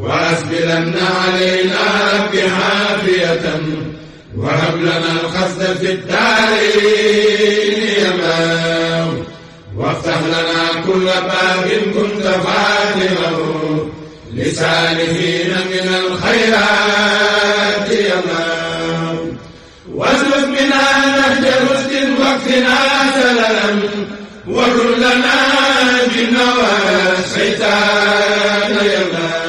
وأسبلن علينا رب عافية وهب لنا القصد في الدارين يمام وافتح لنا كل باب كنت فاتحه لسالهين من الخيرات يمام واصرف بنا نهج رشد واكفنا سلام وكن لنا بالنوى الشيطان يمام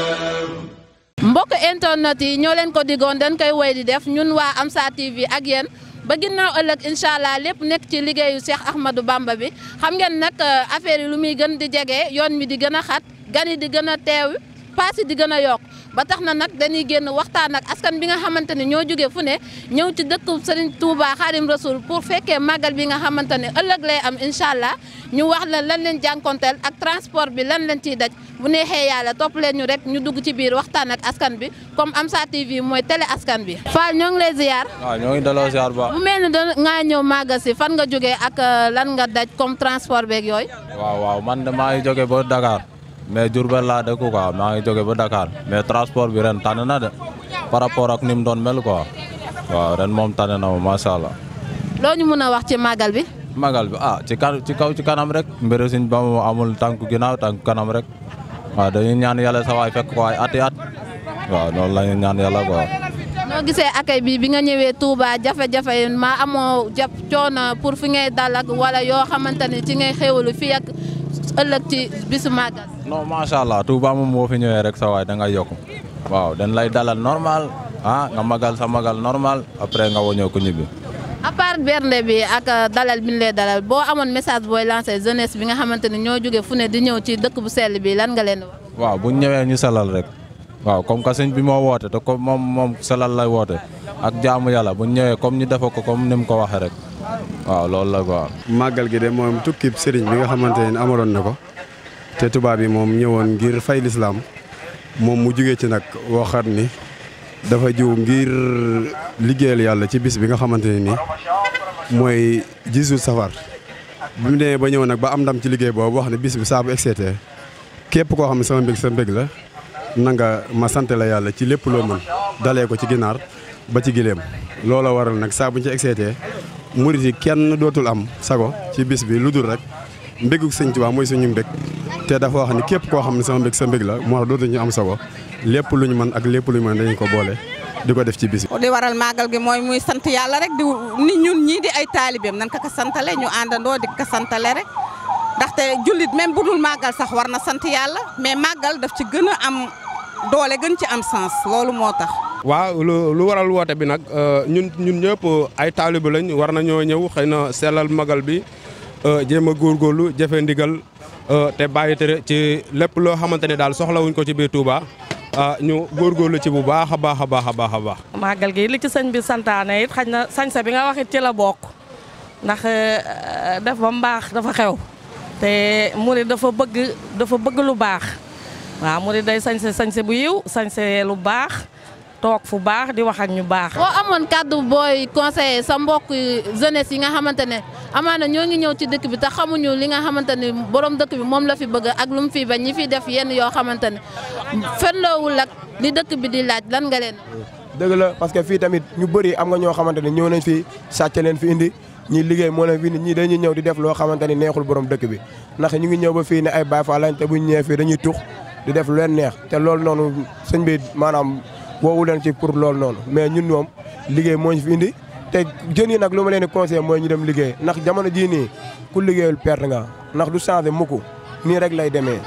mbokk internet yi ñoo leen ko digoon dañ koy woy di def ñun waa Amsa yi ak yéen ba ginnaaw ëllëg incha allah lépp nekk ci liggéeyu Cheikh Ahmadou Bamba bi xam ngeen nag euh, affaire yi lu muy gën di jege yoon mi di gën a xat gan yi di gën a teew paas di gën a yokk ba tax na nag dañuy génn waxtaan ak askan bi nga xamante ne ñoo jóge fu ne ñëw ci dëkk Serigne Touba xaarim Rasul pour fekkee màggal bi nga xamante ne ëllëg lay am incha allah ñu wax la lan leen jànkonteel ak transport bi lan leen ciy daj bu neexee yàlla topp leen ñu rek ñu dugg ci biir waxtaan ak askan bi comme Amsa TV mooy télé askan bi. Fall ñoo ngi lay ziar. waaw ñoo ngi daloo ziar ba. mu mel ni da ñëw màggal si fan nga jógee ak euh, lan nga daj comme transport yooyu. waaw waaw man de maa mais Diourbel laa dëkk quoi maa ngi jóge ba Dakar mais transport bi ren tane na de par ak ni mu doon mel quoi waaw ren moom tane na ma macha allah. loo ñu mën a wax ci màggal bi. magal bi a ah, ci kan ci kaw ci kanam rek mbiri Sëñ Bamba amul tànku ginnaaw tànku kanam rek waaw dañuy ñaan yàlla sa waay fekk ko ay at i at waaw loolu la ñuy ñaan yala quoi. noo gisee accueil bi bi nga ñëwee Touba jafe-jafe yi maa amoo jàpp coono pour fi ngay dal wala yoo xamante ci ngay xéwalu ëllëg ci bisu màggal. non macha allah Touba moom boo fi ñëwee rek sa waay da nga yokk waaw dañ lay dalal normal ah nga magal sa magal normal après nga woñoo ko ñibbi. à bernde bi ak euh, dalal bi ñu lay dalal boo amoon message booy lancé jeunesse bi nga xamante ni ñoo jóge fu ne di ñëw ci dëkk bu sell bi lan nga leen wax. waaw bu ñu ñëwee ñu salal rek waaw comme que sëñ bi moo woote te ko moom moom salal lay woote ak jaamu yàlla bu ñu ñëwee comme ñu defa ko comme ni mu ko waxee rek waaw loolu la quoi. màggal gi de moom tukki sëriñ bi nga xamante ne amaloon na ko te tubaab yi moom ñëwoon ngir fay lislaam moom mu jugee ci nag waxaat ni dafa jiw ngir liggéeyal yàlla ci bis bi nga xamante ni nii mooy jisul safar bi mu demee ba ñëw nag ba am ndam ci liggéey boobu wax ne bis bi saa bu excité képp koo xam ne sama mbég sa mbég la na nga ma sante la yàlla ci lépp loo mën dalee ko ci ginaar ba ci gileem loola waral nag saa buñ ci excité murit yi kenn dootul am sago ci bis bi lu dul rek mbégug sëñ Tuubaa mooy ñu mbég te dafa wax ni képp koo xam ne sama mbég sa mbég la moo tax dootuñu am sago lépp lu ñu mën ak lépp lu ñu mën dañu ko boole di ko def ci bis bi. di waral màggal gi mooy muy sant yàlla rek di ni ñun ñii di ay taalibeem nan ko ko santale ñu àndandoo di ko santale rek ndaxte jullit même bu dul màggal sax war na sant yàlla mais màggal daf ci gën a am doole gën ci am sens loolu moo tax. waaw lu waral woote bi nag euh, ñun ñun ñëpp ay taalibe lañ war na ñëw xëy na sellal magal bi euh, jéem a góorgóorlu jëfe ndigal euh, te bàyyi tere ci lépp loo xamante ne daal wuñ ko ci biir Touba ñu góorgóorlu ci bu baax a baax a baax a baax a baax. màggal gi li ci sëñ bi santaane it xaj na sañsa bi nga wax it ci la bokk ndax def ba mbaax dafa xew te murid dafa bëgg dafa bëgg lu baax waaw murid day sañse sañse bu yiw sañse lu baax. toog fu baax di wax ak ñu baax. boo amoon kàddu booy conseiller sa mbokk jeunesse yi nga xamante ne a ñoo ngi ñëw ci dëkk bi te xamuñu li nga xamante ne borom dëkk bi moom la fi bëgg ak lu mu fi bañ ñi fi def yenn yoo xamante ne fenloowul ak li dëkk bi di laaj lan nga leen. dëgg la parce que fii tamit ñu bëri am nga ñoo xamante ne ñëw nañ fi sàcc leen fi indi. ñi liggéey moo leen fi nit ñi dañuy ñëw di def loo xamante ni neexul borom dëkk bi ndax ñu ngi ñëw ba fii ne ay baay fa lañ te buñ ñëwee fii dañuy tux di def lu neex te loolu noonu sëñ bi maanaam woowu leen ci pour loolu noonu mais ñun moom liggéey moo fi indi te jën yi nag lu ma leen di mooy ñu dem liggéey ndax jamono ji nii ku liggéeyul perte nga ndax du changé mukk nii rek lay demee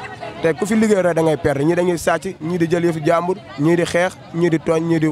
te ku fi liggéey rek da ngay perte ñii dañuy sàcc ñii di jël yëfu jàmbur ñii di xeex ñii di tooñ ñii di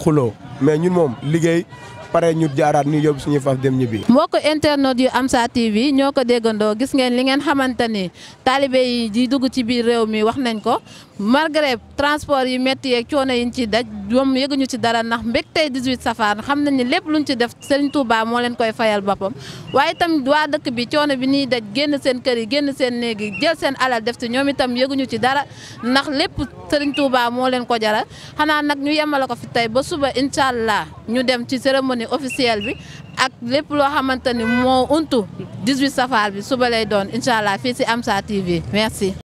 xuloo mais ñun moom liggéey pare ñu jaaraat ni yóbbu suñuy fas dem ñibbi. mbokk internet yu saa TV ñoo ko déggandoo gis ngeen li ngeen xamante ni taalibe yi di dugg ci biir réew mi wax nañ ko malgré transport yi métti yeeg coono yi ñu ciy daj moom yëguñu ci dara ndax tey 18 safar xam nañ ne lépp lu luñ ci def Serigne Touba moo leen koy fayal boppam waaye itam waa dëkk bi coono bi ñuy daj génn seen kër yi génn seen néegi jël seen alal def ci ñoom itam yëguñu ci dara ndax lépp Serigne Touba moo leen ko jaral xanaa nag ñu yemale ko fi tey ba suba incha allah ñu dem ci cérémonie officielle bi ak lépp loo xamante ni moo untu 18 safar bi suba lay doon incha allah fii si Amsa TV merci.